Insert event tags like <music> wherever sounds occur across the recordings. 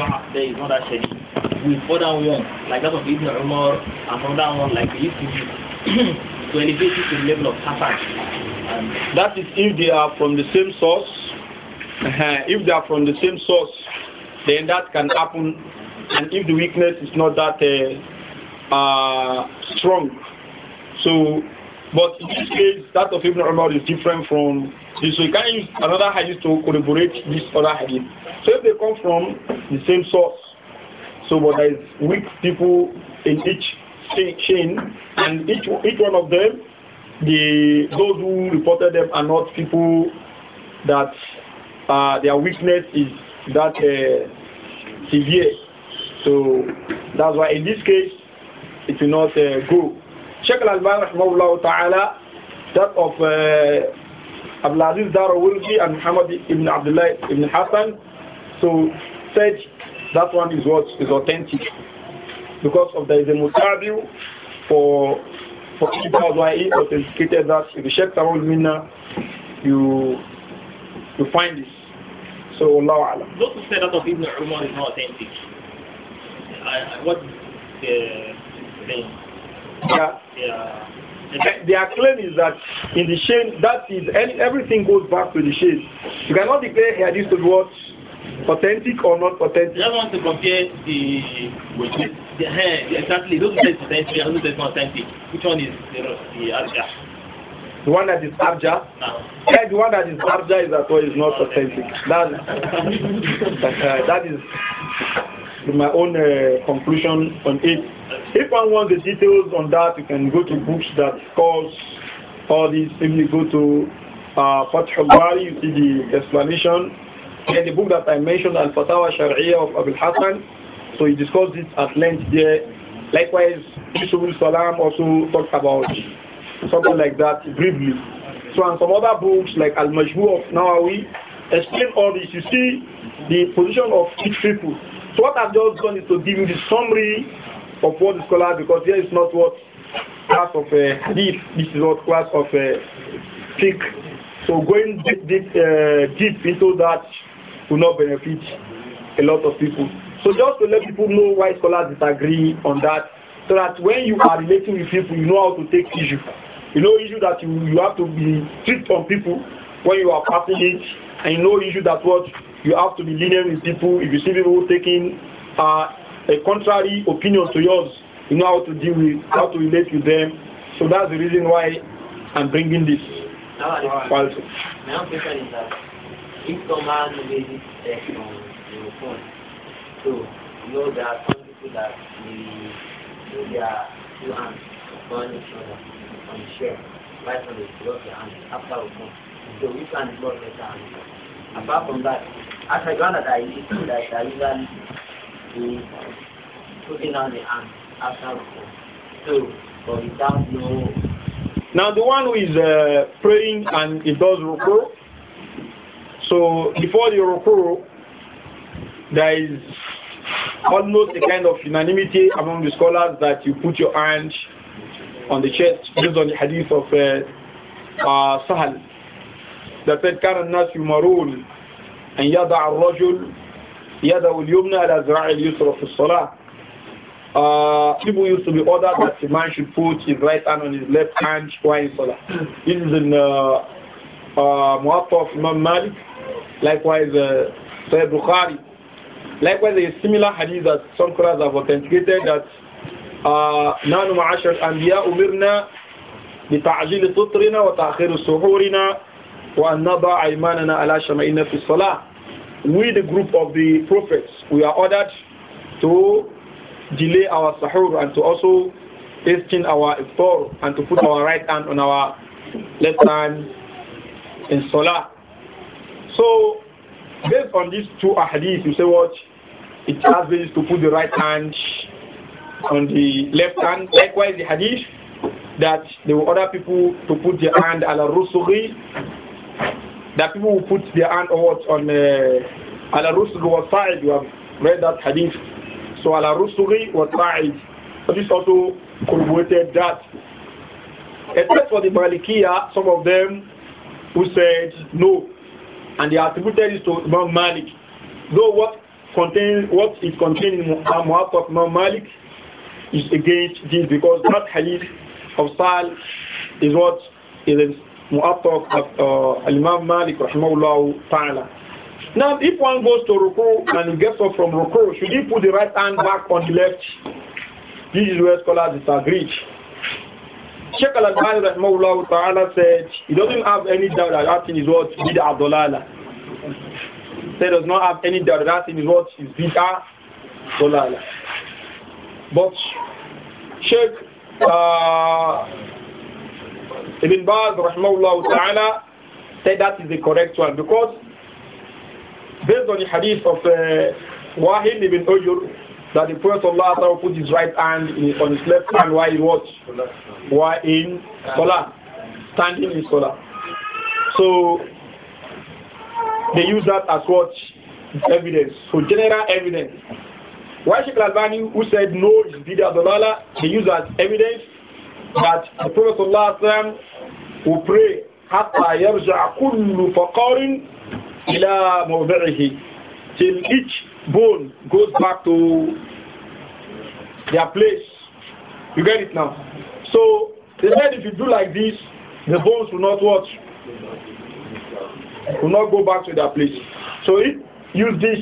not not that shady. With down one, like that of Ibn Umar, and other one like we used to do, <clears throat> to elevate it to the level of Hassan. Um, that is if they are from the same source. Uh-huh. if they are from the same source, then that can happen. And if the weakness is not that uh, uh, strong, so but in this case, that of Ibn Umar is different from so you can use another hadith to corroborate this other hadith. So if they come from the same source, so but there is weak people in each chain, and each each one of them, the those who reported them are not people that uh, their weakness is that uh, severe. So that's why in this case it will not uh, go. Sheikh Al-Albani, that of uh, Abdulaziz Darawilki and Muhammad ibn Abdullah ibn Hassan. So said that one is what is authentic because of there is a mutabil for for people why he authenticated that if you check Tarul Minna you you find this. So Allah Not Those who say that of Ibn Umar is not authentic. I, I what the thing. Yeah. Yeah. Their claim is that in the chain, that is, any, everything goes back to the chain. You cannot declare here this to be what? Authentic or not authentic? I want to compare the, with, the uh, exactly, those that is authentic and those that is not authentic. Which one is the, the Arja? The one that is Abja? No. Ah. Yeah, the one that is Abja is that one is not authentic. That, <laughs> that is my own uh, conclusion on it. If one wants the details on that, you can go to books that cause all these. If you go to uh, al you see the explanation. And the book that I mentioned, Al-Fatawa Sharia of Abu Hassan, so he discussed it at length there. Likewise, Yusuf Salam also talked about something like that briefly. So and some other books like Al-Majmu of Nawawi explain all this. You see the position of each people so what I've just done is to give you the summary of what the scholar, because here is not what class of a uh, hadith, this is what class of a uh, fiqh. So going deep, deep, uh, deep into that will not benefit a lot of people. So just to let people know why scholars disagree on that, so that when you are relating with people, you know how to take issue. You know issue that you, you have to be strict on people when you are passing it, and you know issue that what you have to be lenient with people. If you see people taking uh, a contrary opinion to yours, you know how to deal with, how to relate with them. So that's the reason why I'm bringing this. My own question is that if someone on your phone, so you know there are some people that maybe they are two hands upon each other on the share, right the after a phone. So which one is more better? apart from that, after I that I see that I putting on the hand after now the one who is uh, praying and he does ruku, so before the ruku, there is almost a kind of unanimity among the scholars that you put your hand on the chest based on the hadith of uh, uh, Sahal that كان الناس يمرون أن يضع الرجل يده اليمنى على ذراع اليسرى في الصلاة uh, people used to be ordered that the man should put his right hand on his left hand while in salah. This is in uh, uh, of Imam Malik, likewise uh, Sayyid Bukhari. Likewise, a similar hadith that some scholars have authenticated that نحن معاشر الأنبياء أمرنا بتعجيل سطرنا وتأخير سحورنا وَأَنْ نَضَعْ أَيْمَانَنَا عَلَى شَمَئِنَا فِي الصَّلَاةِ We, the group of the prophets, we are ordered to delay our sahur and to also hasten our iftar and to put our right hand on our left hand in salah. So, based on these two ahadith, you say what? It has been to put the right hand on the left hand. Likewise, the hadith that they will order people to put their hand ala rusuri that people who put their hand on uh, ala rusul wa sa'id. You have read that hadith. So ala rusuli wa sa'id. this also corroborated that. Except for the Malikiya, some of them who said no, and they attributed it to Imam Malik. Though what contain what is contained in Muhammad uh, of Imam Malik is against this because that hadith of Sal is what is of uh, Imam Malik rahimahullah ta'ala. Now, if one goes to Ruku and he gets up from Ruku, should he put the right hand back on the left? This is where scholars disagree. Sheikh Al-Albani rahimahullah ta'ala said, he doesn't have any doubt that that thing is what bid'ah dolala. He does not have any doubt that thing is what is bid'ah dolala. But Sheikh uh, Ibn Baz rahmahullah ta'ala said that is the correct one because based on the hadith of uh, Wahid ibn Ujur that the Prophet Allah put his right hand on his left hand while he was in Salah, standing in Salah. So they use that as what? Evidence. So general evidence. Why Sheikh Albani who said no is Bidah Dalala, they use as evidence that the Prophet ﷺ will pray حتى يرجع كل فقار إلى موضعه till each bone goes back to their place. You get it now? So they said if you do like this, the bones will not watch, will not go back to their place. So it use this.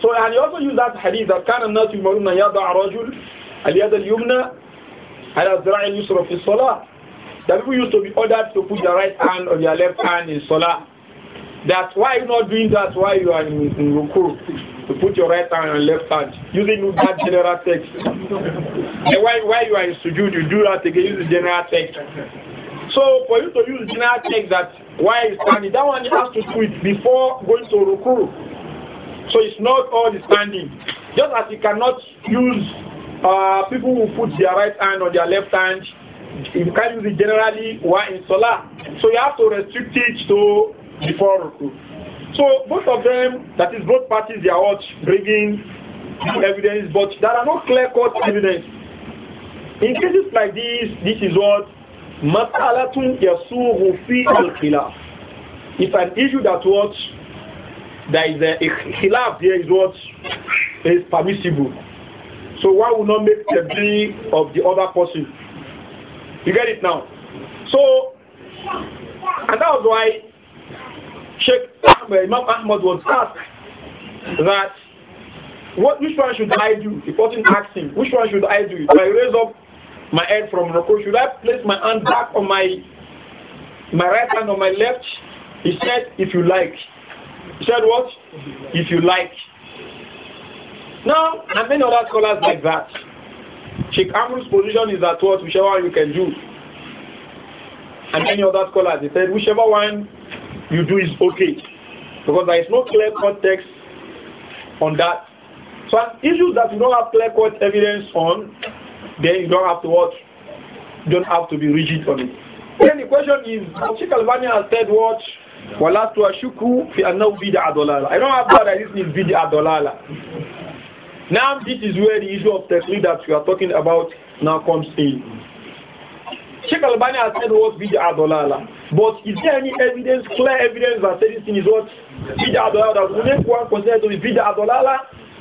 So and he also used that hadith that not كان الناس يمرون يضع رجل اليد اليمنى and Azra Yusuf is Salah. That people used to be ordered to put their right hand or their left hand in Salah. That's why you're not doing that, why you are in, in Ruku. To put your right hand and left hand. Using that general text. and why, why you are in Sujud, you do that again, use the general text. So for you to use general text that why is standing, that one has to do it before going to Ruku. So it's not all the standing. Just as you cannot use uh, people will put their right hand or their left hand. you can use it generally, why in Salah? So you have to restrict it to before Ruku. So both of them, that is both parties, they are all bringing evidence, but there are no clear-cut evidence. In cases like this, this is what Mas'alatun yasuhu will feel khilaf It's an issue that what there is a khilaf there is what is permissible. So why will not make the be of the other person. You get it now? So, and that was why Sheikh Ahmed, Imam Ahmad was asked that, what, which one should I do? The person asked him, which one should I do? If I raise up my head from Roko, should I place my hand back on my, my right hand on my left? He said, if you like. He said what? If you like. Now, and many other scholars like that. Sheikh Amru's position is that what whichever you can do. And many other scholars, they said whichever one you do is okay. Because there is no clear context on that. So issues that you don't have clear cut evidence on, then you don't have to what you don't have to be rigid on it. Then the question is Sheikh Albani has said what Walastu Ashuku fi annahu bid'a dolala. I don't have that this is bid'a dolala. Now this is where the issue of taqlid that we are talking about now comes in. Sheikh Albani has said what bid'ah dolala. But is there any evidence, clear evidence that says this thing is what bid'ah dolala that make one consider to be bid'ah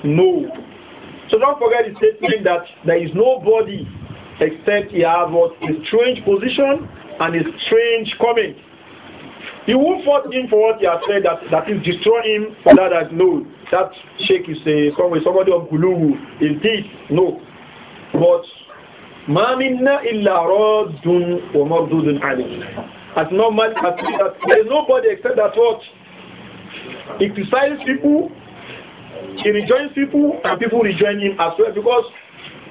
No. So don't forget the statement that there is nobody except he has what a strange position and a strange comment. He won't fault him for what he has said that, that is destroying him for that no that sheikh is eh, a, somebody of Gulu. is this. No. But ما منا إلا راد ومردود عليه as normal as that there is nobody except that what he criticizes people he rejoins people and people rejoin him as well because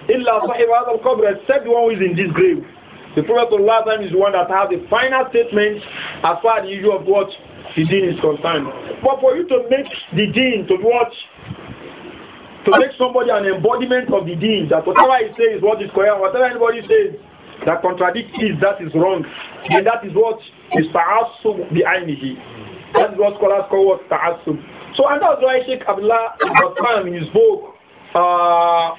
إلا صاحب Al القبر except the one who is in this grave the Prophet of Allah is the one that has the final statement as far as the issue of what the deen is concerned. But for you to make the deen to watch, to make somebody an embodiment of the deen, that whatever he says is what is correct, whatever anybody says that contradicts it, that is wrong. And that is what is ta'assub behind it. That is what scholars call what ta'assub. So and that's why Sheikh Abdullah in his book, uh,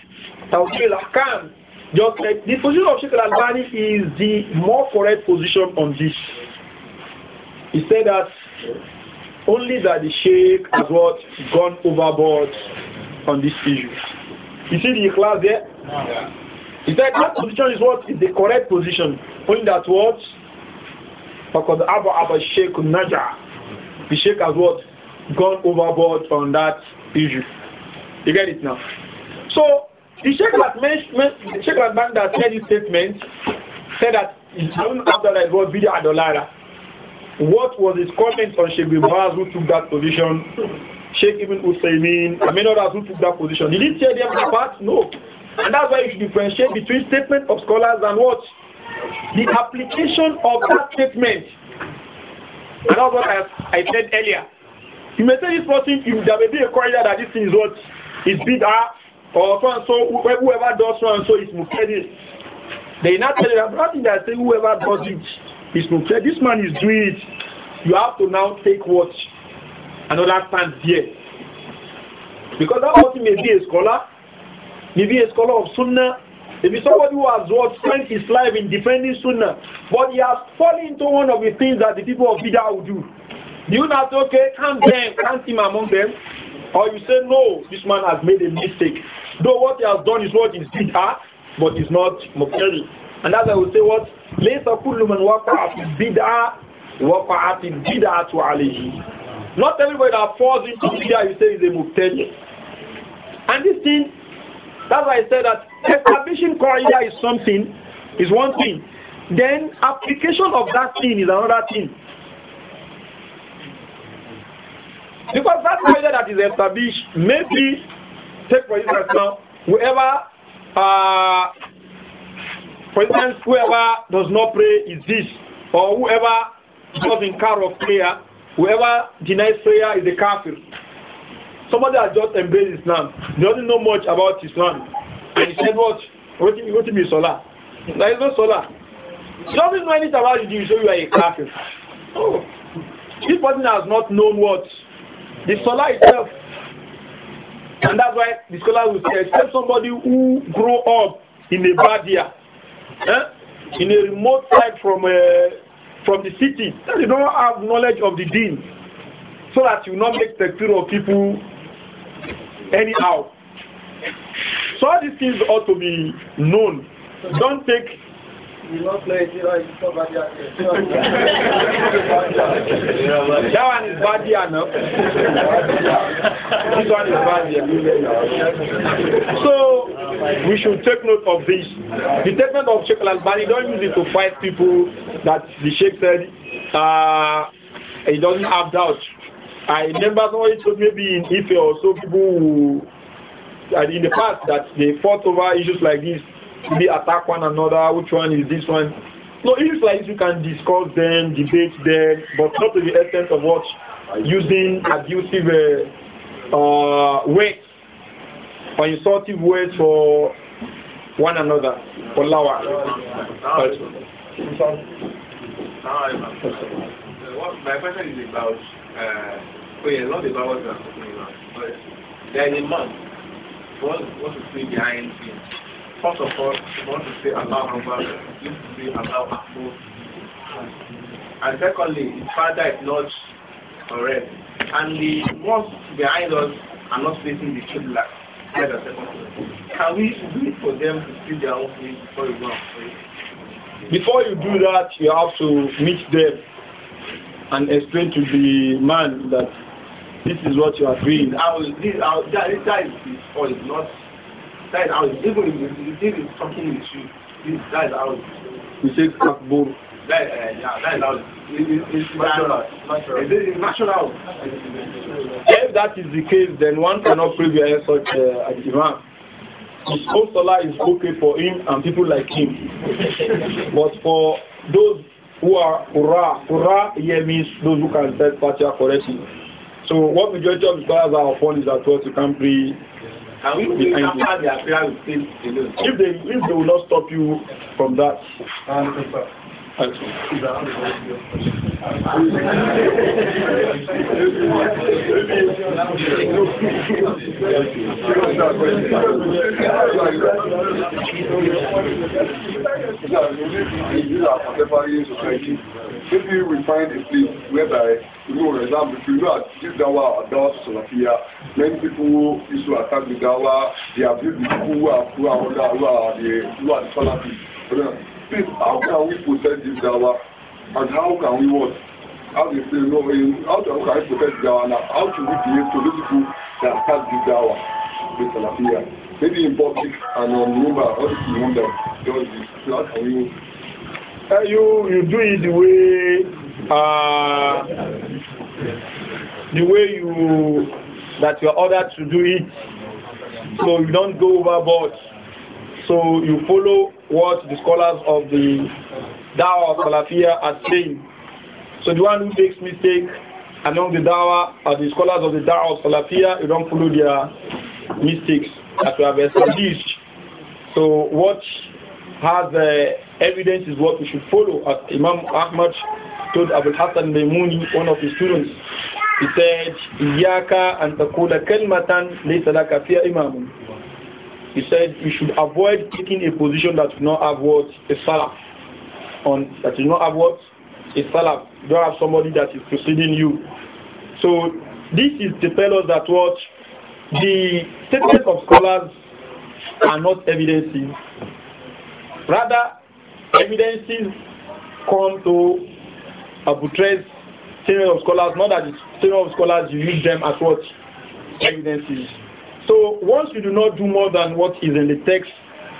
Tawqil Ahkam, just like the position of Sheikh Al-Albani is the more correct position on this. He said that only that the sheikh has what gone overboard on this issue. You see the class there? He said that position is what is the correct position. Only that what? Because Abu Abba Sheikh Naja, the sheikh has what gone overboard on that issue. You get it now? So the sheikh has mentioned, the sheikh that said statement, said that his after Abdullah was video Adolara. What was his comment on Sheikh Bibaz who took that position? Sheikh Ibn Uthaymeen, I mean others who took that position. Did he tear them apart? No. And that's why you should differentiate between statement of scholars and what? The application of that statement. And that's what I, I said earlier. You may say this person, if there may be a corridor that this thing is what is bid'ah, or so and so, whoever does so and so is mukedis. They not tell you not nothing that say whoever does it it's not this man is doing it. You have to now take what another stand here. Because that person may be a scholar, maybe a scholar of Sunnah, maybe somebody who has what spent his life in defending Sunnah, but he has fallen into one of the things that the people of Bida would do. You not okay, count them, count him among them. Or you say, no, this man has made a mistake. Though what he has done is what is Bida, but it's not Mokeri. And as I will say what? لَيْسَ كُلُّ مَنْ وَقَعَ فِي الْبِدْعَ وَقَعَ فِي to عَلَيْهِ Not everybody that falls into bid'ah you say is a mubtadi. And this thing, that's why I said that establishing qaida is something, is one thing. Then application of that thing is another thing. Because that qaida that is established, maybe, take for instance now, whoever uh, for instance, whoever does not pray is this, or whoever does not of prayer, whoever denies prayer is a kafir. Somebody has just embraced Islam. They doesn't know much about Islam. And he said, what? What you mean, to solar? There is no solar. You do not know anything about you, so you are a kafir. Oh. This person has not known what? The solar itself. And that's why the scholar will say, except somebody who grew up in a bad year, eh, in a remote side from, uh, from the city. you don't have knowledge of the deen. So that you not make the of people anyhow. So all these things ought to be known. Don't take that one is bad here, no? this one is bad here. So, we should take note of this. The statement of Sheikh Al-Albani, don't use it to fight people that the Sheikh said, uh, he doesn't have doubt. I remember somebody told maybe in Ife or so people who, uh, in the past that they fought over issues like this be attack one another, which one is this one. No, it's like you can discuss them, debate them, but not to the extent of what using abusive uh, uh, words or insultive words for one another. For lawa. My question is about, uh, oh yeah, not about uh, what we are talking about, but there is a month. What, what is behind him? first of all, you want to say Allah Akbar, you need to say Allah Akbar. And secondly, his father is not correct. And the ones behind us are not facing the Qibla. Can we do for them to see their own face before you go and pray? Before you do that, you have to meet them and explain to the man that this is what you are doing. I will, this, I will, that, that is his fault, not that is how Even if you think it's something with you, this, that is how You say Akbor. That, uh, yeah, that is how it is. It's natural. If that is the case, then one cannot pray behind such uh, an imam. His whole salah is okay for him and people like him. but for those who are Ura, Ura here means those who can set Fatiha correctly. So what majority of scholars are upon is that what you can pray if they if they will not stop you from that. Thank you. <laughs> Maybe we find a place whereby, you know, for example, if you know at this dawa, dawa to Salafia, many people used to attack the dawa, they abuse the people who are, who are, who are, the, who are the Salafis. Please, how can we protect this dawa? And how can we work? how you know no, in, eh, how do I protect Dawa now? How should we behave to those people that start the Dawa with Salafia? Maybe in public and on number, all the people that does this. how can you? Uh, you you do it the way uh, the way you that you are ordered to do it. So you don't go overboard. So you follow what the scholars of the Dao of Salafia are saying. So the one who makes mistake among the dawah or the scholars of the dawah of Salafia, you don't follow their mistakes that we have established. So what has uh, evidence is what we should follow. As Imam Ahmad told Abu Hassan Maimuni, one of his students, he said, "Iyaka and takula kelmatan laka fiya imamun." He said you should avoid taking a position that will not have what a salaf on that will not have what a salaf you don't have somebody that is preceding you. So this is to tell us that what the statements of scholars are not evidences. Rather, evidences come to abutress statement of scholars, not that the statement of scholars you use them as what evidences. So once you do not do more than what is in the text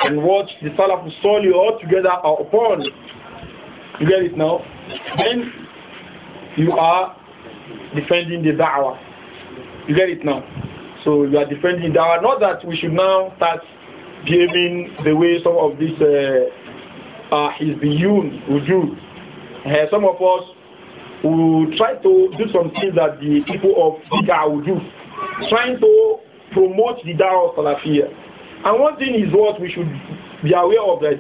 and what the Salafus Soli all together are upon, you get it now, then you are defending the da'wah. You get it now? So you are defending da'wah. Not that we should now start giving the way some of these uh, uh, Hizbiyun would do. Uh, some of us will try to do some things that the people of Bid'ah would do. Trying to promote the da'wah of And one thing is what we should be aware of that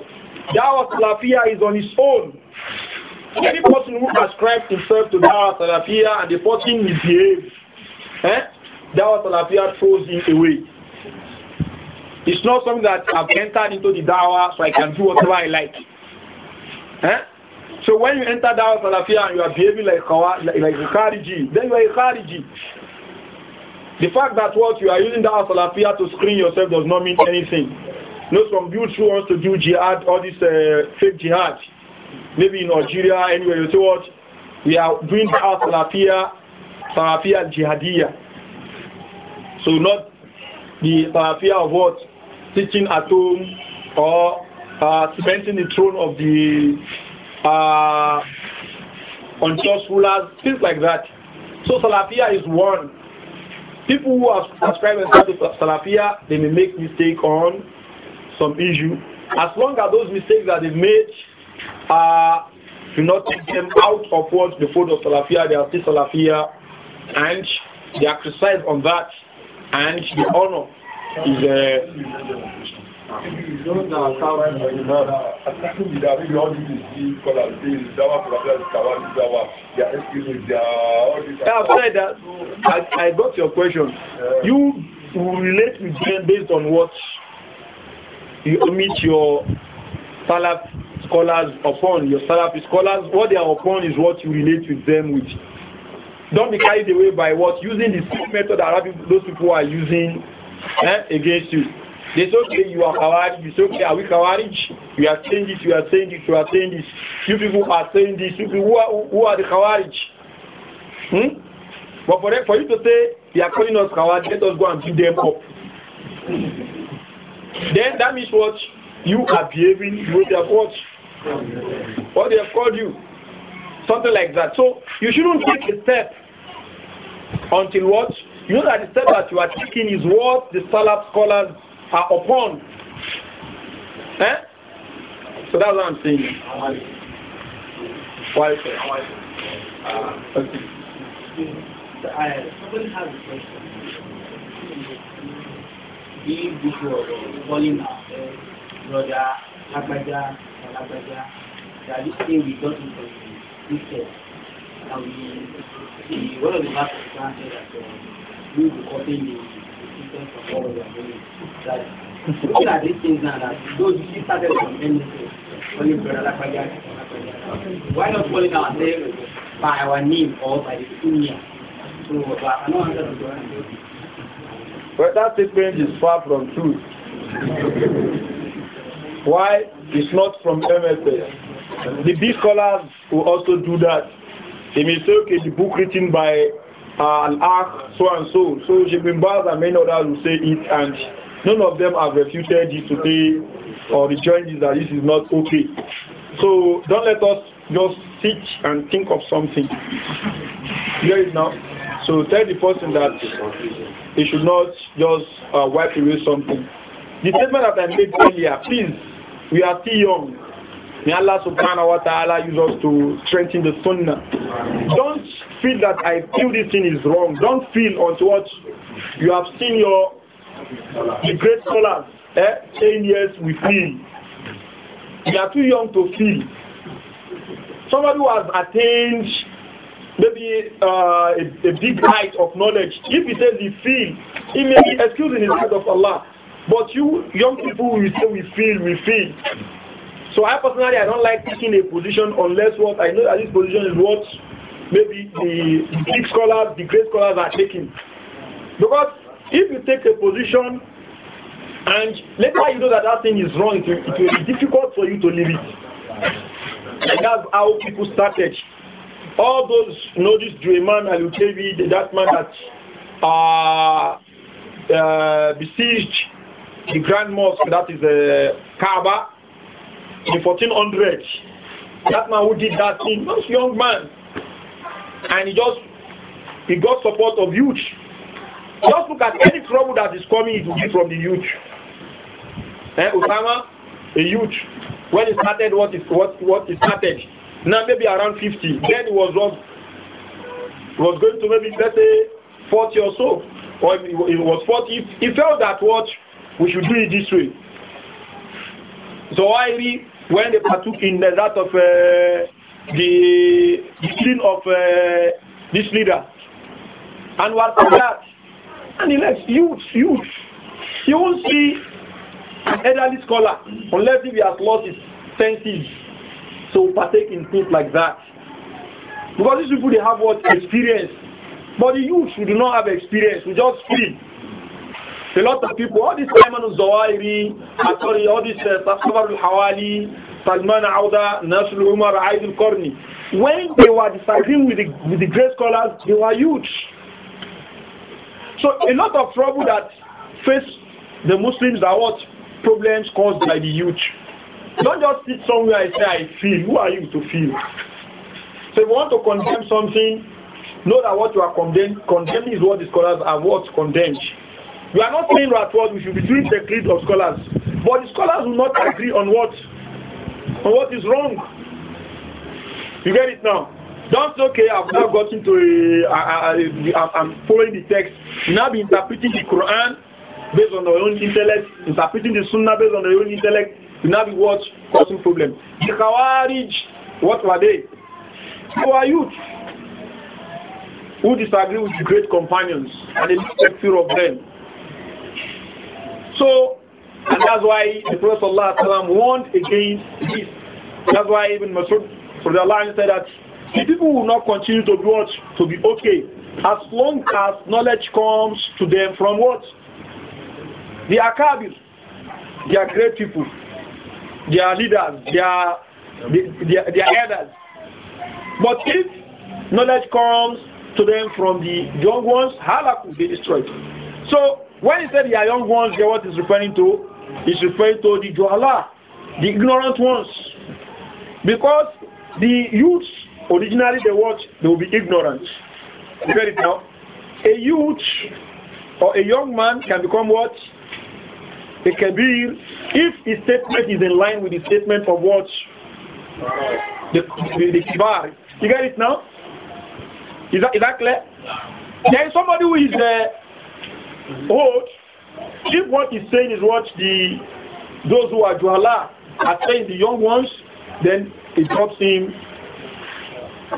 da'wah of is on its own. Any person who ascribes himself to Dawah Salafiyah and the person misbehaves, eh? Dawah Salafiyah throws him away. It's not something that I've entered into the Dawah so I can do whatever I like. Eh? So when you enter Dawah Salafiyah and you are behaving like, like, like a Khariji, then you are a Khariji. The fact that what you are using Dawah Salafiyah to screen yourself does not mean anything. You know, some youth who wants to do jihad, all this uh, fake jihad, maybe in Nigeria, anywhere, you say what? We are doing our Salafia, Salafia Jihadiyah. So not the Salafia of what? Teaching at home or uh, cementing the throne of the uh, unjust rulers, things like that. So Salafia is one. People who are subscribing to Salafia, they may make mistake on some issue. As long as those mistakes that they have made uh, do not take them out of what the fold of Salafia, they are still Salafia, and they are criticized on that, and the honor is uh, I've said that I, I got your question. You relate with them based on what you omit your Salaf scholars upon, your Salafi scholars, what they are upon is what you relate with them with. Don't be carried away by what using the same method that those people are using eh, against you. They say, okay, you are Khawarij. You say, okay, are we Khawarij? You are saying this, you are saying this, you are saying this. You people are saying this. You people, who are, who are the Khawarij? Hmm? But for, them, for you to say, they are calling us Khawarij, let us go and beat them up. then that means what? you are behaving with their watch. What they have called you. Something like that. So you shouldn't take a step until what? You know that the step that you are taking is what the Salaf scholars are upon. Eh? So that's what I'm saying. Why? Somebody has a question. Being out. brother lágbájá lágbájá that this thing we got in from the detail and we the one of the last exam said that we will be the system from what we are doing that looking at these things now that those who started from anything only brother lágbájá lágbájá why not our ourselves by our name or by the senior so but I no answer to the one. But that statement is far from truth. <laughs> Why? It's not from MFA. The B scholars will also do that. They may say, okay, the book written by uh, an Al-Akh, so and so. So Jibin and many others will say it, and none of them have refuted it today or rejoined it that this is not okay. So don't let us just sit and think of something. Here it now. So tell the person that he should not just uh, wipe away something. The statement that I made earlier, please we are still young. May Allah subhanahu wa ta'ala use us to strengthen the sunnah. Don't feel that I feel this thing is wrong. Don't feel on what you have seen your the great scholars eh, saying yes, we feel. We are too young to feel. Somebody who has attained maybe uh, a, a, big height of knowledge, if he says he feel, he may be excusing the word of Allah. But you young people will say we feel, we feel. So I personally I don't like taking a position unless what I know that this position is what maybe the big scholars, the great scholars are taking. Because if you take a position and later you know that that thing is wrong, it, it will be difficult for you to leave it. And that's how people started. All those, you know, this Dreman Alutevi, that man that uh, uh, besieged the Grand Mosque, that is the uh, Kaaba, in 1400. That man who did that thing, was young man. And he just, he got support of youth. Just look at any trouble that is coming, it will be from the youth. Eh, Osama, a youth, when he started what is what what he started, now maybe around 50. Then he was what, was going to maybe let's say 40 or so, or it was 40. He felt that what we should do it this way. So Zuhairi, when they partook in the, that of uh, the killing of uh, this leader, and what for that, and he left huge, huge, You won't see an elderly scholar unless he has lost his senses. So partake in things like that. Because these people, they have what? Experience. But the youth, we do not have experience. We just feel. A lot of people, all this Ayman al-Zawahiri, sorry, all this Tafsir uh, al-Hawali, Salman Auda, Nasr Umar, Aid al-Qarni, when they were disagreeing with the, with the great scholars, they were huge. So a lot of trouble that face the Muslims are what? Problems caused by the youth. Don't just sit somewhere and say, I feel. Who are you to feel? So if you want to condemn something, know that what you are condemning is what the scholars are what condemned. We are not saying that what we should be doing the creed of scholars. But the scholars will not agree on what on what is wrong. You get it now? Don't say, okay, I've now gotten to i a, a, I'm following the text. You now be interpreting the Quran based on your own intellect, interpreting the Sunnah based on your own intellect. You now be what? Causing problem. The Khawarij, what were they? Who are you? Who disagree with the great companions and the fear of them? So, and that's why the Prophet ﷺ warned against this. That's why even Masud said that the people will not continue to be what? To be okay. As long as knowledge comes to them from what? the Akabir. They are great people. They are leaders. They are, they, they, they are elders. But if knowledge comes to them from the young ones, will they destroyed. So when he said the young ones, you what he's referring to? He's referring to the Juhala, the ignorant ones. Because the youths, originally they watch, they will be ignorant. You get it now? A youth or a young man can become what? A Kabir if his statement is in line with the statement of what? The, the, the Kibar. You get it now? Is that, is that clear? There is somebody who is uh, but if what he's saying is what the those who are Juhala are saying, the young ones, then it drops him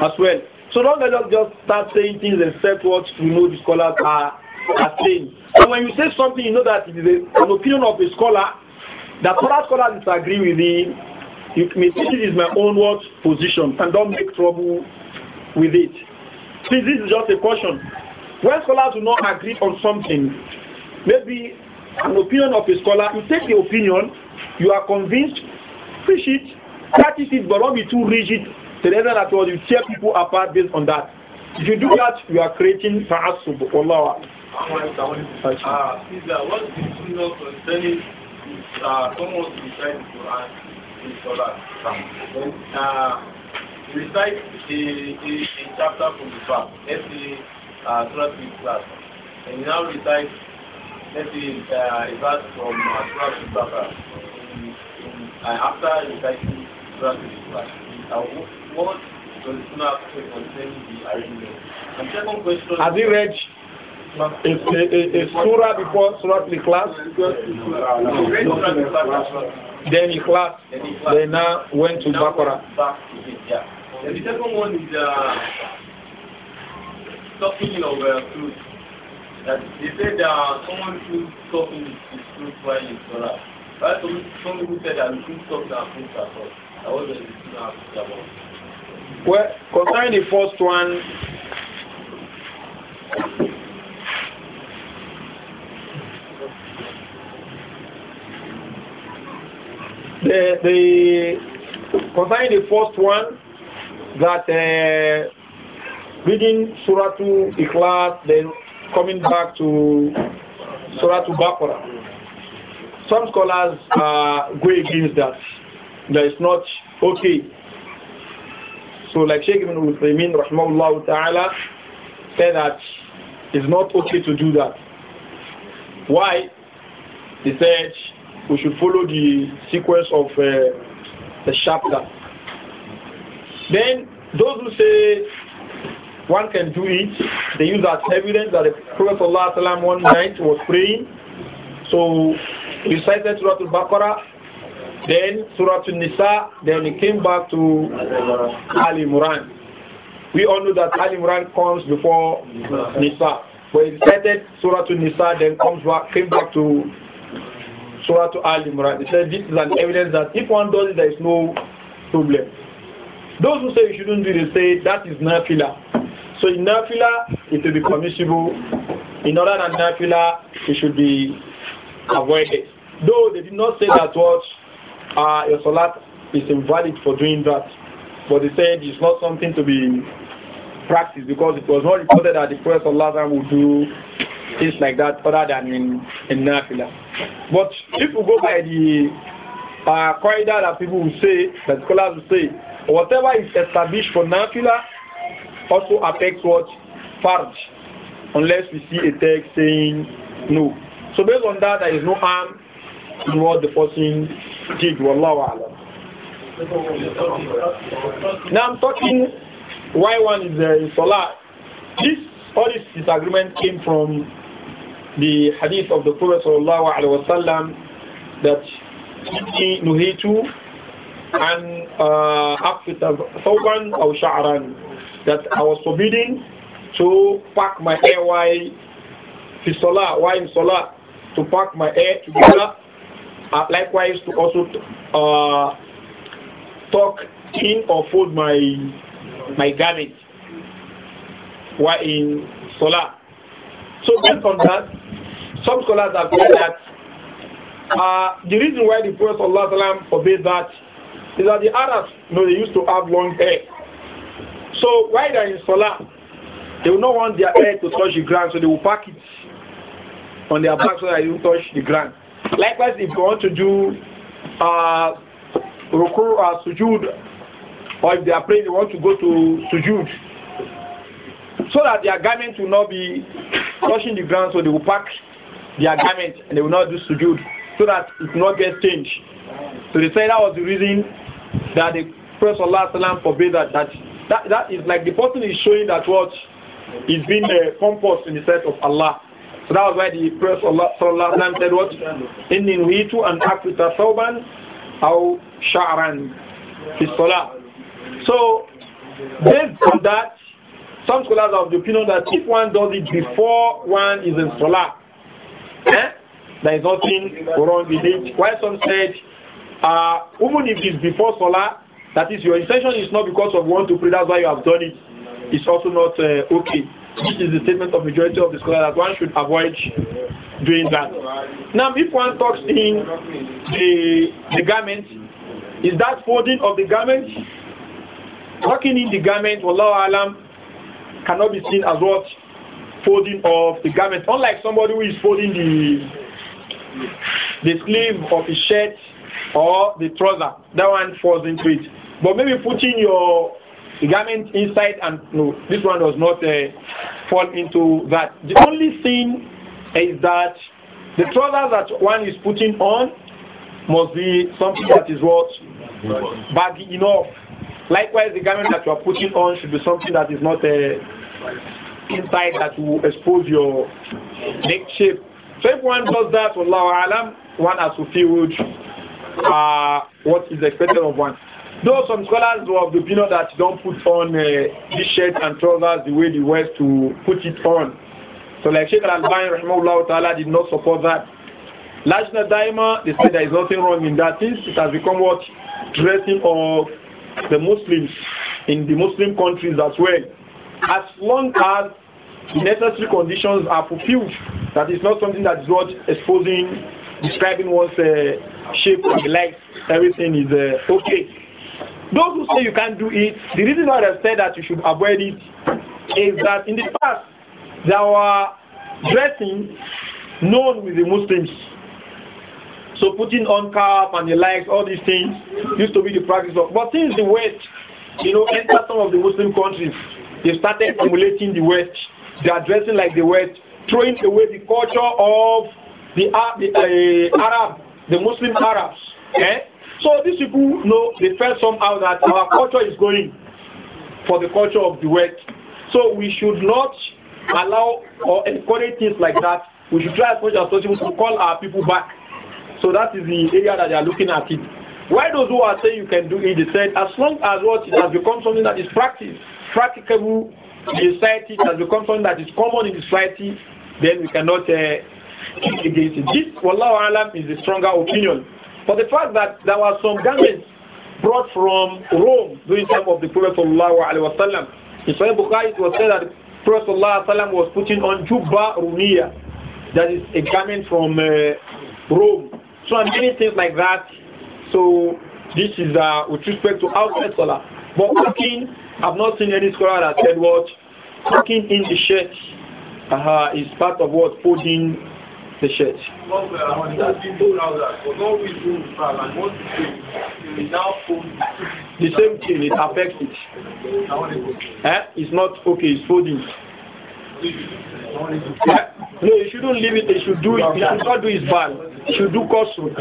as well. So don't let us just start saying things except what you know the scholars are, are saying. So when you say something, you know that it is a, an opinion of a scholar, that other scholars disagree with it. You may say is my own word position and don't make trouble with it. See, this is just a question. When scholars do not agree on something, maybe an opinion of a scholar, you take the opinion, you are convinced, preach it, practice it, but not be too rigid to the that you tear people apart based on that. If you do that, you are creating ta'assub. Wallahu uh, what is the signal concerning uh, someone reciting the Quran in Salah? When uh, recite a, a, a chapter from the Bible, let's uh, throughout his class. And he now recites, let's say, uh, a verse from uh, Surah Al-Baqarah uh, after reciting Surah Al-Baqarah. Uh, what does the Sunnah say concerning the arrangement? And second question... Have you read is, is, is surah before surah the class? Then he class. Then now went to Baqarah. The second one is uh, talking of uh, fruits. That they say there are someone who talking is fruits while in Torah. Right? Some, some people said that fruits talk are fruits at all. I was not reason I was about. Well, concerning the first one, the, the concerning the first one that uh, reading Surah to Ikhlas, then coming back to Surah to Baqarah. Some scholars uh, go against that. That is not okay. So like Sheikh Ibn Uthaymeen, rahmahullah ta'ala, said that it's not okay to do that. Why? He said we should follow the sequence of uh, the chapter. Then those who say one can do it. They use as evidence that the Prophet ﷺ one night was praying. So recited Surah Al-Baqarah, then Surah Al-Nisa, then he came back to Ali Imran. We all know that Ali Imran comes before Nisa. But he recited Surah Al-Nisa, then comes back, came back to Surah to Al Imran. He said this is an evidence that if one does it, there is no problem. Those who say you shouldn't do it, they say that is nafila. So in nafila, it will be permissible. In other than nafila, it should be avoided. Though they did not say that what uh, your salat is invalid for doing that, but they said it's not something to be practiced because it was not reported that the Prophet Allah would do things like that other than in, in nafila. But if we go by the uh, corridor that people will say, that scholars will say, whatever is established for nafila also affects what? Farj. Unless we see a text saying no. So based on that, there is no harm in what the person did. Wallahu Now I'm talking why one is uh, in Salah. This, all this disagreement came from the hadith of the Prophet sallallahu alaihi wasallam that nuhitu an uh, afita thawban aw sha'ran that I was forbidden to pack my hair while fi while in solar, to pack my hair together. Uh, likewise, to also uh, talk in or fold my my garment while in solar. So based on that, some scholars have said that uh, the reason why the Prophet Allah forbids that is that the Arabs, you know, they used to have long hair. So while they're in Salah, they will not want their head to touch the ground, so they will pack it on their back so that it won't touch the ground. Likewise, if you want to do uh, ruku or uh, sujud, or if they are praying, they want to go to sujud, so that their garment will not be touching the ground, so they will pack their garment and they will not do sujud, so that it will not get stained. So they say that was the reason that the Prophet Allah forbade that, that that, that is like the person is showing that what is being uh, composed in the sight of Allah. So that was why the Prophet Sallallahu said what? Inni nuhitu an akrita thawban how sha'ran is salah. So based on that, some scholars have of the opinion that if one does it before one is in salah, eh, there is nothing wrong with it. Why some said, uh, even if it's before salah, that is, your intention is not because of want to pray, that's why you have done it. It's also not uh, okay. This is the statement of majority of the scholars that one should avoid doing that. Now, if one talks in the, the garment, is that folding of the garment? Talking in the garment, Allah Alam, cannot be seen as what? Folding of the garment. Unlike somebody who is folding the, the sleeve of his shirt or the trouser, that one falls into it. But maybe putting your garment inside and no, this one does not uh, fall into that. The only thing is that the trousers that one is putting on must be something that is what baggy enough. Likewise, the garment that you are putting on should be something that is not uh, inside that will expose your neck shape. So if one does that, Wallahu Alam, one has fulfilled uh, what is expected of one. Though some scholars were of the opinion that you don't put on uh, this shirt and trousers the way the West to put it on. So like Sheikh Al-Albani rahimahullah ta'ala did not support that. Lajna Daima, they said there is nothing wrong in that. Since it has become what? Dressing of the Muslims in the Muslim countries as well. As long as the necessary conditions are fulfilled, that is not something that is not exposing, describing what's uh, shape and the likes, everything is uh, okay. Those who say you can't do it, the reason why I said that you should avoid it is that in the past there were dressing known with the Muslims. So putting on cap and the likes, all these things used to be the practice of. But since the West, you know, enter some of the Muslim countries, they started emulating the West. They are dressing like the West, throwing away the culture of the, uh, the uh, Arab, the Muslim Arabs. Okay. Eh? So these people know they felt somehow that our culture is going for the culture of the West. So we should not allow or encourage things like that. We should try as much as possible to call our people back. So that is the area that they are looking at it. Why those who are saying you can do it, they said as long as what it has become something that is practiced, practicable in society, it has become something that is common in society, then we cannot uh, against it. This, Wallahu Alam, is the stronger opinion. For the fact that there were some garments brought from Rome during time of the Prophet sallallahu alaihi wasallam. In Sahih Bukhari it was said that the Prophet sallallahu alaihi wasallam was putting on jubba rumia, that is a garment from uh, Rome. So and many things like that. So this is uh, with respect to outside salah. But cooking, I've not seen any scholar that said what cooking in the shirt uh, is part of what folding the the same thing, it affects it. Eh? It's not okay, it's folding. Yeah. No, you shouldn't leave it, they should do it. You should not do it bad. should do caution. To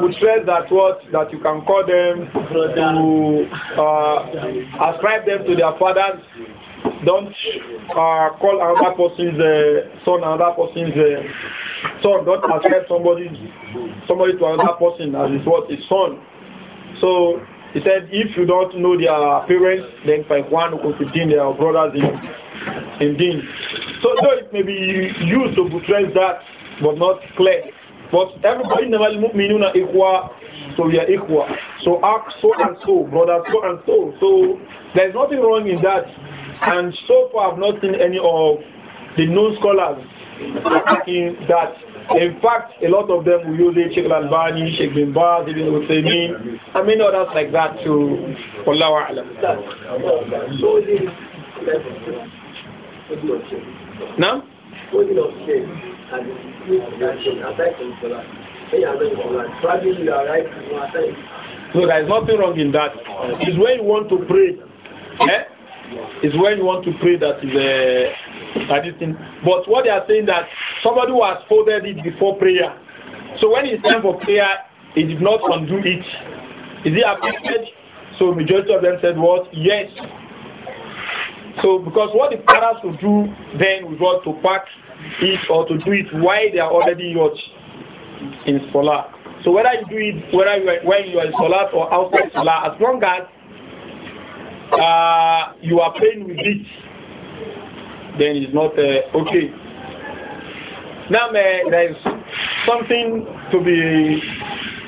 portray that what that you can call them to uh, ascribe them to their fathers don't uh, call another person's uh, son, another person's uh, son. Don't ascribe somebody, somebody to another person as is what his son. So he said, if you don't know their parents, then find one who fifteen, be their brothers in in So though it may be used to portray that, but not clear. But everybody never move. mu'minuna equal, so we are equal. So act so and so, brother, so and so. So there's nothing wrong in that. And so far, I've not seen any of the known scholars attacking that. In fact, a lot of them will use it, Sheikh Al-Albani, Sheikh Bin Baz, Ibn Husaymin, and many others like that to Wallahu A'lam. So No? No, there is nothing wrong in that. It's when you want to pray. Eh? is when you want to pray that is a uh, hadith thing. But what they are saying that somebody who has folded it before prayer. So when it's time for prayer, it did not undo it. Is it affected? So majority of them said what? Yes. So because what the parents will do then we got to pack it or to do it while they are already what in solar. So whether you do it whether you are, when you are in solar or outside solar, as long as uh, you are playing with it, then it's not uh, okay. Now uh, there is something to be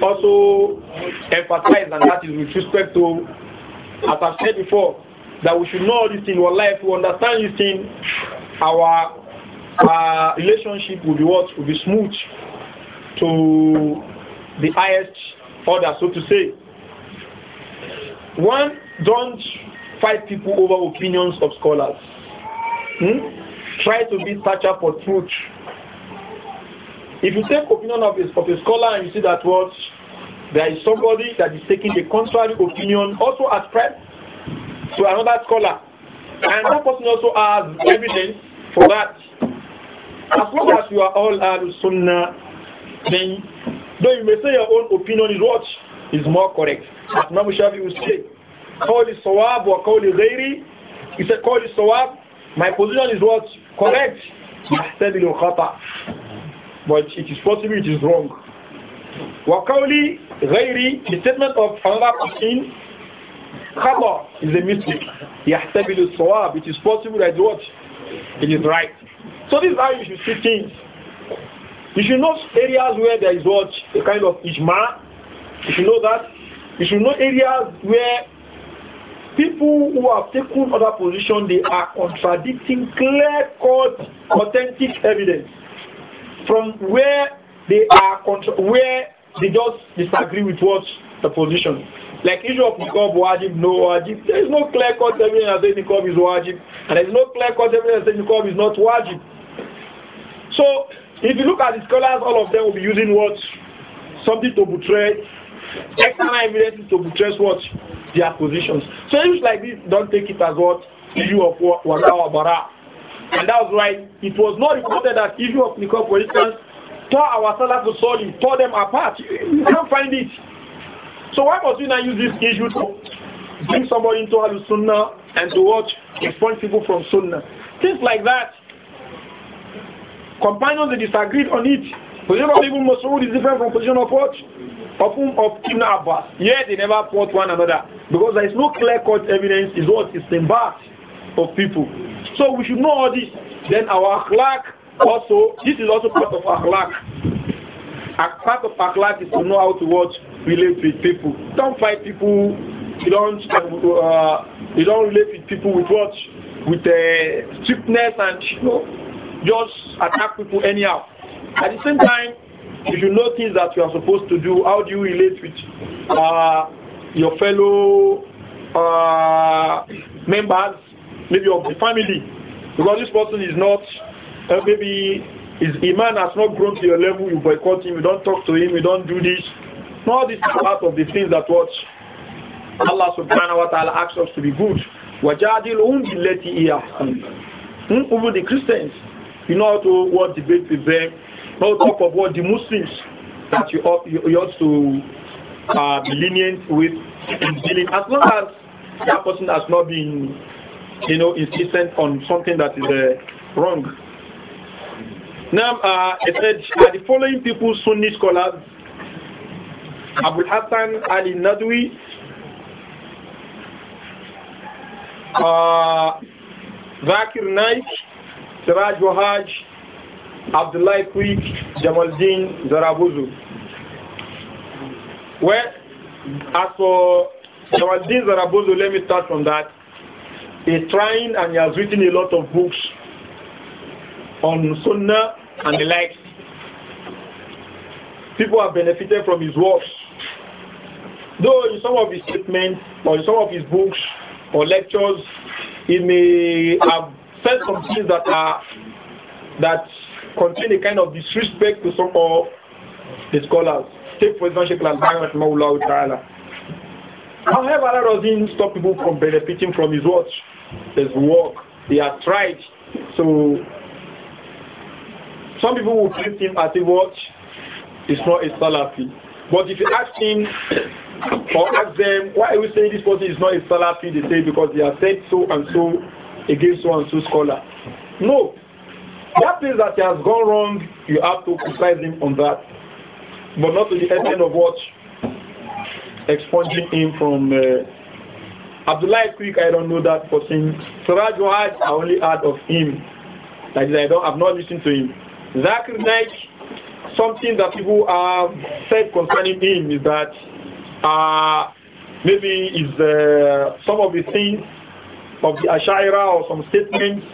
also emphasized, and that is with respect to, as I've said before, that we should know this in our life. We understand this thing, our uh, relationship will be what will be smooth to the highest order, so to say. One don't fight people over opinions of scholars. Hmm? Try to be searcher for truth. If you take opinion of a, of a scholar and you see that what there is somebody that is taking a contrary opinion also ascribed to another scholar, and that person also has evidence for that. As long as you are all al sunnah, then though you may say your own opinion is what is more correct. As Imam will say, Qawli Sawab wa Qawli Ghairi. He said Qawli Sawab, my position is what? Correct. يحتمل الخطأ. But it is possible it is wrong. Wa Qawli Ghairi, the statement of another person, "Kama is a mistake. يحتمل sawab." It is possible that what? It is right. So this is how you should see things. You should know areas where there is what a kind of ijma. You should know that. You should know areas where people who have taken other position, they are contradicting clear-cut, authentic evidence from where they are contra- where they just disagree with what the position. Like issue of niqab wajib, no wajib. There is no clear-cut evidence that Nikob is wajib, and there is no clear-cut evidence that Nikob is not wajib. So if you look at the scholars, all of them will be using what something to betray External evidence to buttress what? Their positions. So issues like this, don't take it as what? Issue of Wada Bara. And that's why it was not reported that issue of Nikon, for instance, tore our Salah to solid, tore them apart. You can't find it. So why must we now use this issue to bring somebody into Ahlul Sunnah and to watch expunge people from Sunnah? Things like that. Companions they disagreed on it. Position of Ibn Mas'ud is different from position of what? Of, of Ibn Abbas. Yeah, they never fought one another. Because there is no clear-cut evidence is what is embarked of people. So we should know all this. Then our akhlaq also, this is also part of akhlaq. A part of akhlaq is to know how to watch, relate with people. Don't fight people. You don't, uh, you don't relate with people with what? With uh, strictness and, you know, just attack people anyhow. At the same time, if you know things that you are supposed to do, how do you relate with uh, your fellow uh, members, maybe of the family? Because this person is not, uh, maybe his iman has not grown to your level, you boycott him, you don't talk to him, you don't do this. All this is part of the things that what Allah subhanahu wa ta'ala asks us to be good. وَجَادِلُهُمْ hmm? Even the Christians, you know how to what debate with them, now talk of what the Muslims that you ought, you, you ought to uh, be lenient with dealing as long as that person has not been, you know, insistent on something that is uh, wrong. Now, uh, it said, the following people, Sunni scholars, Abu Hassan Ali Nadwi, uh, Zakir Naik, Siraj Wahaj, Abdullah Puig Jamaluddin Zarabuzu. Well, as for Jamaluddin Zarabuzu, let me start from that. He's trying and he has written a lot of books on Sunnah and the like. People have benefited from his works. Though in some of his statements or in some of his books or lectures, he may have said some things that are that contain a kind of disrespect to some of the scholars. Take for example Sheikh Al-Albani Ta'ala. However, that doesn't stop people from benefiting from his watch, his work. They are tried. So some people will treat him as a watch. It's not a Salafi. But if you ask him or ask them, why are we saying this person is not a Salafi? They say because they are said so and so against so and so scholar. No, that thing that he has gone wrong, you have to criticize him on that, but not to the extent of what expunging him from. Uh, Abdullah Quick, I don't know that person. Siraj Wahad, I only heard of him. Like I don't, I've not listened to him. Zakir Naik, something that people have said concerning him is that uh, maybe is uh, some of the things of the Ashaira or some statements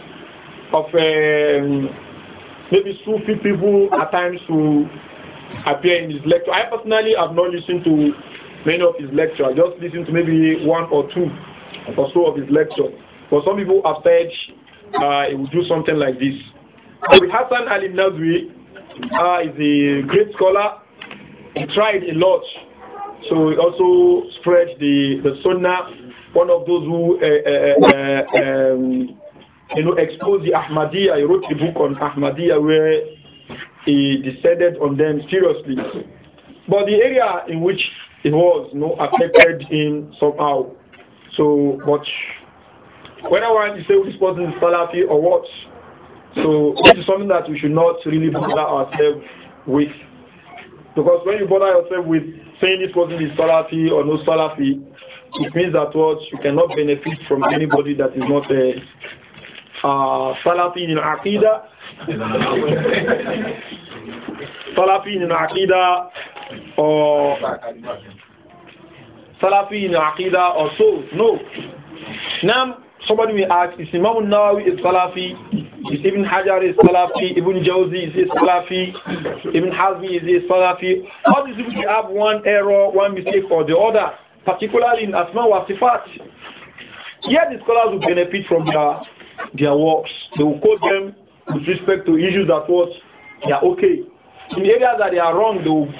of um, maybe three people at times who appear in his lecture. I personally have not listened to many of his lectures. I just listened to maybe one or two or so of his lectures. But some people have said uh, he do something like this. Abu Hassan Ali Nazwi uh, is a great scholar. He tried a lot. So he also spread the, the Sunnah, one of those who uh, uh, uh um, you know, expose the Ahmadiyya. He wrote a book on Ahmadiyya where he decided on them seriously. But the area in which he was you know, affected him somehow. So, When whether want to say this person is Salafi or what, so this is something that we should not really bother ourselves with. Because when you bother yourself with saying this person is Salafi or no Salafi, it means that what you cannot benefit from anybody that is not a uh, سلاطين Salafin سلاطين العقيدة or Salafi in Aqidah or so. No. Now, somebody may ask, is Imam Nawawi is Salafi? Is Ibn Hajar is Salafi? Ibn Jawzi is Salafi? Ibn Hazmi is Salafi? All these people have one error, one mistake or the other, particularly in Asma wa Sifat. Here the scholars will benefit from their their works. They will quote them with respect to issues that was they are okay. In the areas that they are wrong, they will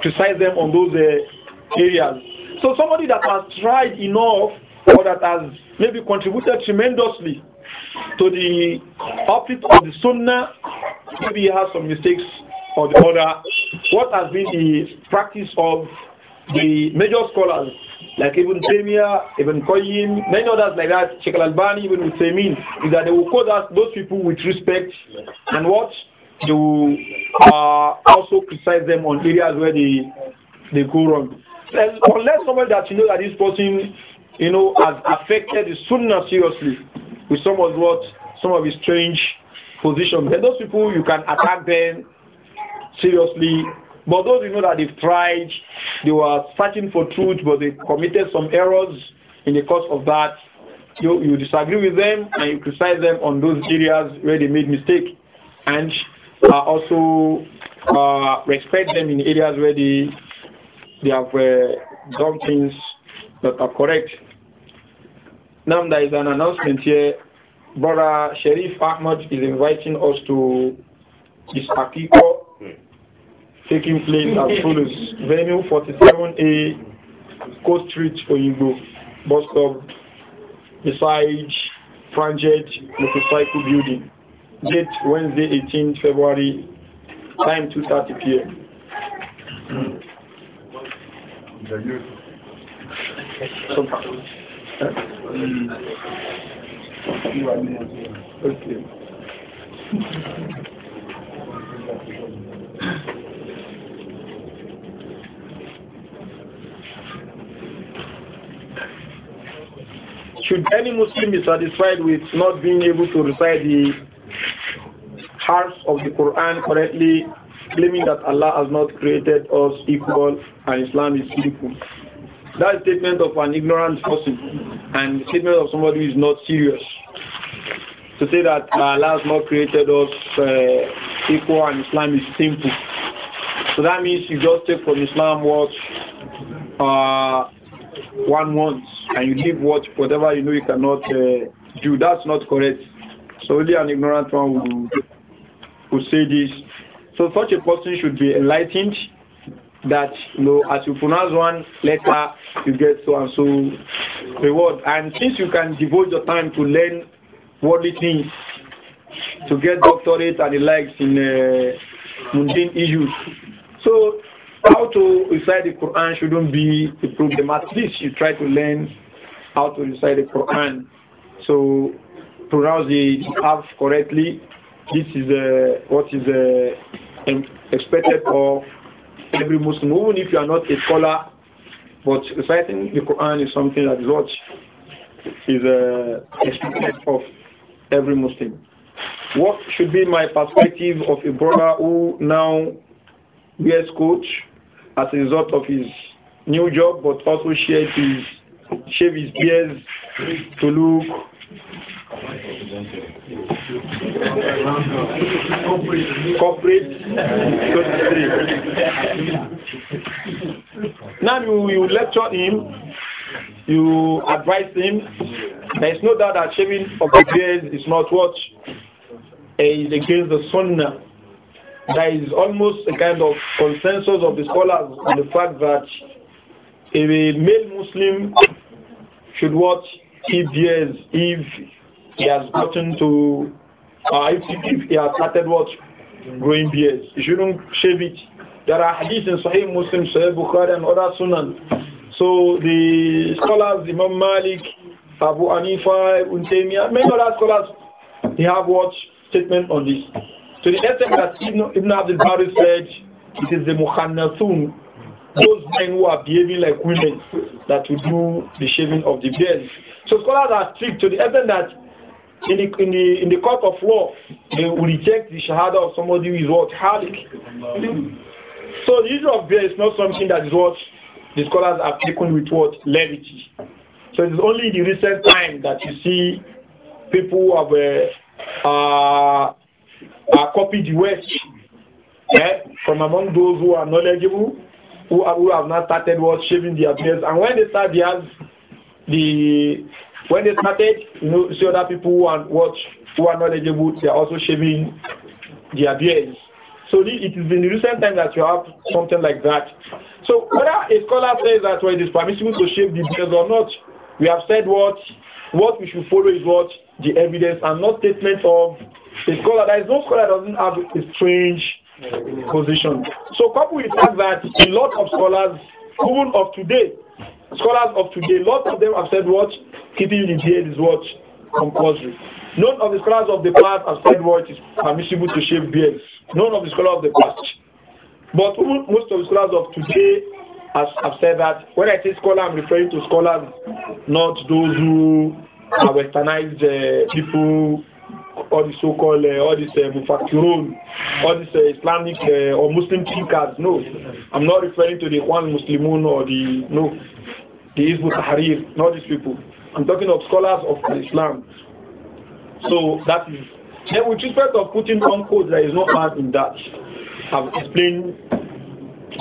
criticize them on those uh, areas. So somebody that has tried enough or that has maybe contributed tremendously to the uplift of the sunnah, maybe he has some mistakes or the other. What has been the practice of the major scholars like Ibn Taymiyyah, Ibn Qayyim, many others like that, Sheikh Al-Albani, Ibn Uthaymeen, is that they will call us, those people with respect and what they will uh, also criticize them on areas where they, they go wrong. Unless somebody that you know that this person, you know, has affected the sunnah seriously with some of what, some of his strange positions. Then those people, you can attack them seriously but those you know that they've tried, they were searching for truth, but they committed some errors in the course of that. You, you disagree with them and you criticize them on those areas where they made mistake and uh, also uh, respect them in areas where they, they have uh, done things that are correct. Now there is an announcement here. Brother Sheriff Ahmad is inviting us to this Akiko hmm taking place at follows. venue 47A, Coast Street, Oyinbo, bus stop, beside Franjet Motorcycle Building. Date Wednesday, 18 February, time 2.30 p.m. okay. should any Muslim be satisfied with not being able to recite the parts of the Quran correctly, claiming that Allah has not created us equal and Islam is equal? That statement of an ignorant person and statement of somebody who is not serious. To say that Allah has not created us uh, equal and Islam is simple. So that means you just take from Islam what uh, one wants and you leave what whatever you know you cannot uh, do. That's not correct. So only an ignorant one who would say this. So such a person should be enlightened that you know, as you pronounce one letter, you get so and so reward. And since you can devote your time to learn worldly things, to get doctorate and the likes in uh, mundane issues, so how to recite the Quran shouldn't be a problem. At least you try to learn how to recite the Quran. So pronounce the half correctly. This is uh, what is uh, expected of every Muslim, even if you are not a scholar. But reciting the Quran is something that is what is uh, expected of every Muslim. What should be my perspective of a brother who now wears coach as a result of his new job, but also shaved his, shave his beard to look. corporate. now you, you lecture him, you advise him. There is no doubt that shaving of the beard is not what is against the sunnah there is almost a kind of consensus of the scholars on the fact that a male Muslim should watch EBS if he has gotten to, uh, if, if he has started what? Growing beards. He shouldn't shave it. There are hadiths in Sahih Muslim, Sahih Bukhari and other Sunan. So the scholars, Imam Malik, Abu Anifa, Ibn many other scholars, they have watched statement on this. So the extent that Ibn, Ibn Abdul Bari said, it is the muhannathun, those men who are behaving like women, that will do the shaving of the beard. So scholars are strict to the extent that in the, in the, in the court of law, they will reject the shahada of somebody who is what? Halik. So the issue of beard is not something that is what the scholars have taken with what? Levity. So it is only in the recent time that you see people who have uh, uh, uh, copied the West yeah, from among those who are knowledgeable, who, are, who have not started what shaving their beards. And when they start have the when they started, you know, see other people who are what who are knowledgeable, they are also shaving their beards. So it is in recent time that you have something like that. So whether a scholar says that well, it is permissible to shave the beards or not, we have said what what we should follow is what the evidence and not statement of a scholar, there is no scholar that doesn't have a strange position. So couple with the fact that a lot of scholars, even of today, scholars of today, a lot of them have said what? Keeping the beard is what? Compulsory. None of the scholars of the past have said what is permissible to shave beards. None of the scholars of the past. But most of the scholars of today have, have said that when I say scholar, I'm referring to scholars, not those who are westernized uh, people all the so-called, uh, all these uh, Mufakirun, all these uh, Islamic uh, or Muslim thinkers. No, I'm not referring to the one Muslimun or the, no, the Isbu Tahrir, not these people. I'm talking of scholars of Islam. So that is, then with respect of putting on code, there is no harm in that. I've explained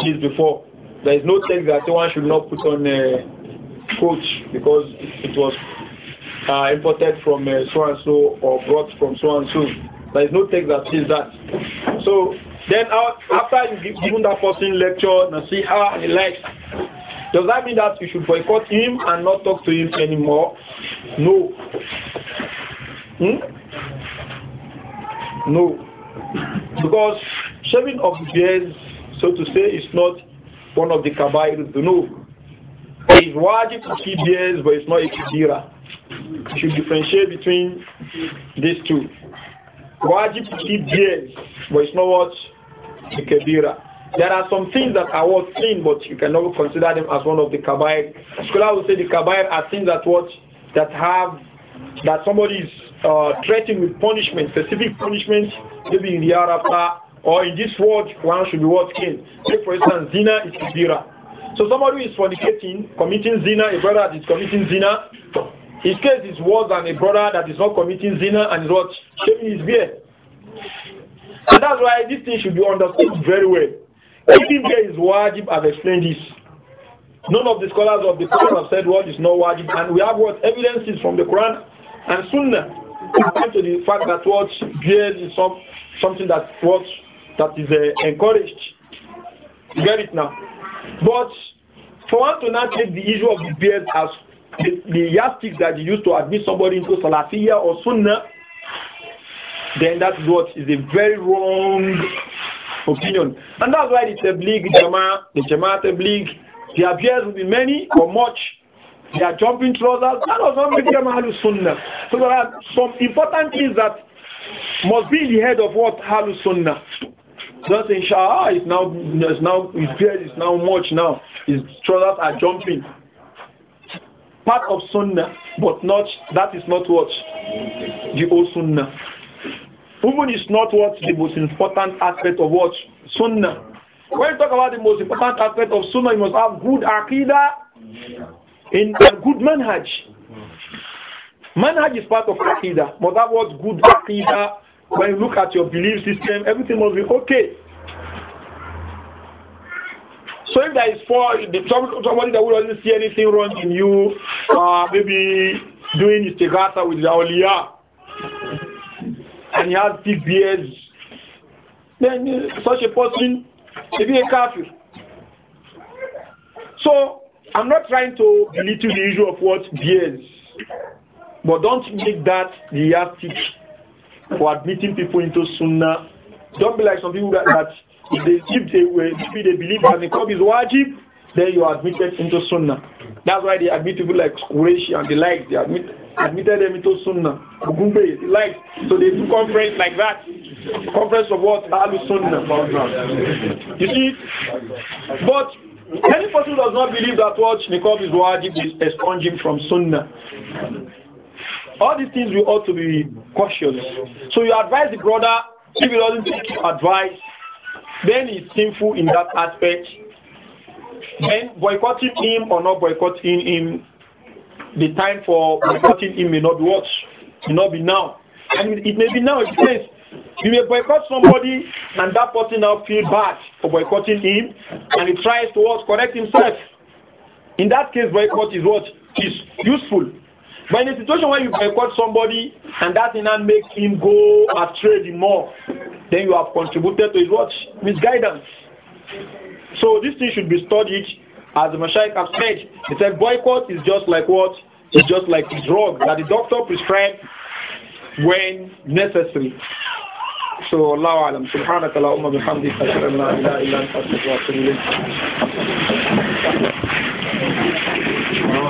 this before. There is no text that one should not put on a coach uh, because it was uh, imported from uh, so and so or brought from so and so. There is no text that says that. So then after you give given that person lecture, how ah, he likes. Does that mean that you should boycott him and not talk to him anymore? No. Hmm? No. Because shaving of the beard, so to say, is not one of the kabair, know. It's wajib to keep beards, but it's not a kibira. You should differentiate between these two. Wajib to keep beards, but it's not what the kabira. There are some things that are worth sin, but you cannot consider them as one of the kabair. Scholar would say the kabair are things that what that have that somebody is uh, threatened with punishment, specific punishment, maybe in the hereafter or in this world, one should be what sin. Take for instance, zina is kabira. So somebody is fornicating, committing zina, a brother is committing zina, his case is worse than a brother that is not committing zina and is not shaving his beard. And that's why this thing should be understood very well. Keeping beard is wajib, I've explained this. None of the scholars of the Quran have said what is not wajib, and we have what evidences from the Quran and Sunnah to the fact that what beard is some, something that what that is uh, encouraged. You get it now. But for one to not take the issue of the beard as the, the yardstick that you use to admit somebody into Salafiyah or Sunnah, then that's what is a very wrong opinion. And that's why the Tabligh Jama, the Jama Tabligh, Their appear will be many or much. They are jumping trousers. That does not make them Sunnah. So there are some important things that must be the head of what Ahlul Sunnah. Just inshallah, it's now, it's now, it's, it's now much now. His trousers are jumping part of sunnah, but not that is not what the old sunnah. is not what the most important aspect of what sunnah. When you talk about the most important aspect of sunnah, you must have good aqidah in a good manhaj. Manhaj is part of aqidah. Must have what good aqidah. When you look at your belief system, everything must be okay. So if there is for somebody that would not see anything wrong in you, uh, maybe doing tegata with the and he has big beards, then uh, such a person may be a kafir. So I'm not trying to belittle the issue of what beards, but don't make that the yardstick for admitting people into sunnah. Don't be like some people that, that if they, if they, were, if they believe that the niqab is wajib, then you are admitted into sunnah. That's why they admit people like Quraysh and the likes. They admit, admitted them into sunnah. the likes. So they do conference like that. Conference of what? Ahlu sunnah. You see? But any person who does not believe that what niqab is wajib is expunging from sunnah. All these things we ought to be cautious. So you advise the brother, if he doesn't take your advice, then it's sinful in that aspect. Then boycotting him or not boycotting him, the time for boycotting him may not be what? May not be now. And it may be now, it depends. You may boycott somebody and that person now feel bad for boycotting him and he tries to what, correct himself. In that case, boycott is what is useful. But in a situation where you boycott somebody and that did not make him go astray the more, then you have contributed to his what? Misguidance. So this thing should be studied as the have said. He said boycott is just like what? It's just like a drug that the doctor prescribes when necessary. So Allah alam. Subhanaka Allahumma bihamdika. Ashhadu an la ilaha illa anta astaghfiruka wa atubu ilayk.